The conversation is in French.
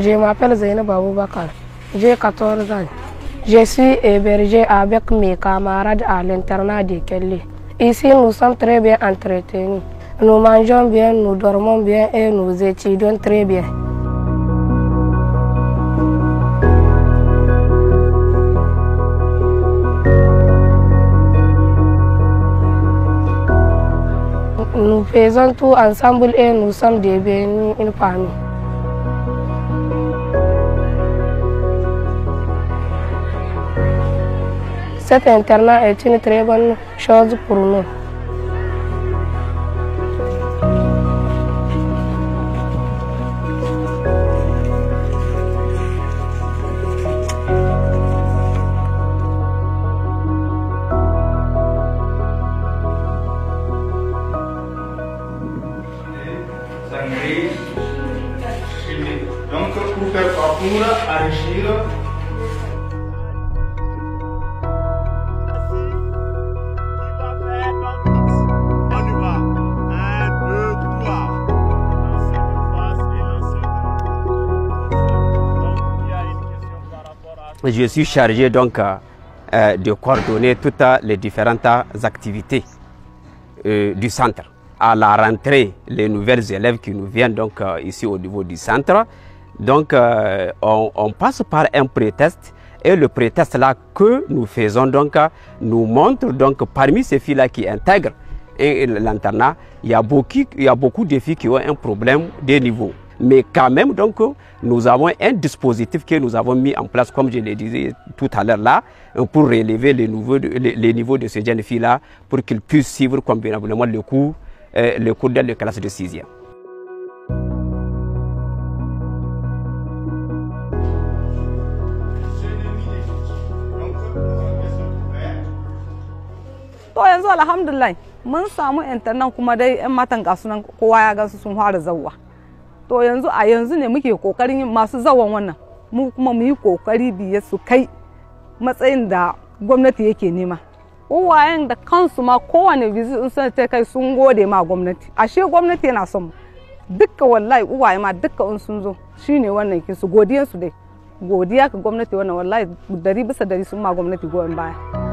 Je m'appelle Zainab Aboubakar. J'ai 14 ans. Je suis hébergé avec mes camarades à l'internat de Kelly. Ici, nous sommes très bien entretenus. Nous mangeons bien, nous dormons bien et nous étudions très bien. Nous faisons tout ensemble et nous sommes devenus une famille. Cette internat est une très bonne chose pour nous. Donc, pour faire parcours, enrichir, je suis chargé euh, euh, de coordonner toutes euh, les différentes activités du centre. À la rentrée, les nouvelles élèves qui nous viennent donc ici au niveau du centre, donc on, passe par un prétexte et le prétexte que nous faisons donc nous montre donc parmi ces filles-là qui intègrent l'internat, y a beaucoup, il y a beaucoup de filles qui ont un problème de niveau. Mais quand même, donc, nous avons un dispositif que nous avons mis en place, comme je le disais tout à l'heure là, pour relever les, niveaux de, les, niveaux de ces jeunes filles-là, pour qu'ils puissent suivre convenablement le cours, euh, le cours de la classe de 6e. alhamdulillah mun samu internet kuma dai matan kowa ya sun fara to yanzu a yanzu ne muke kokarin yin masu zawon wannan mu kuma mu yi kokari biye su kai matsayin da gwamnati yake nema uwayen da kansu ma kowane visit in sun kai sun gode ma gwamnati ashe gwamnati yana son mu dukka wallahi uwaye ma dukka in sun zo shine wannan kin su godiyansu dai godiya ka gwamnati wannan wallahi dari bisa dari sun ma gwamnati goyon baya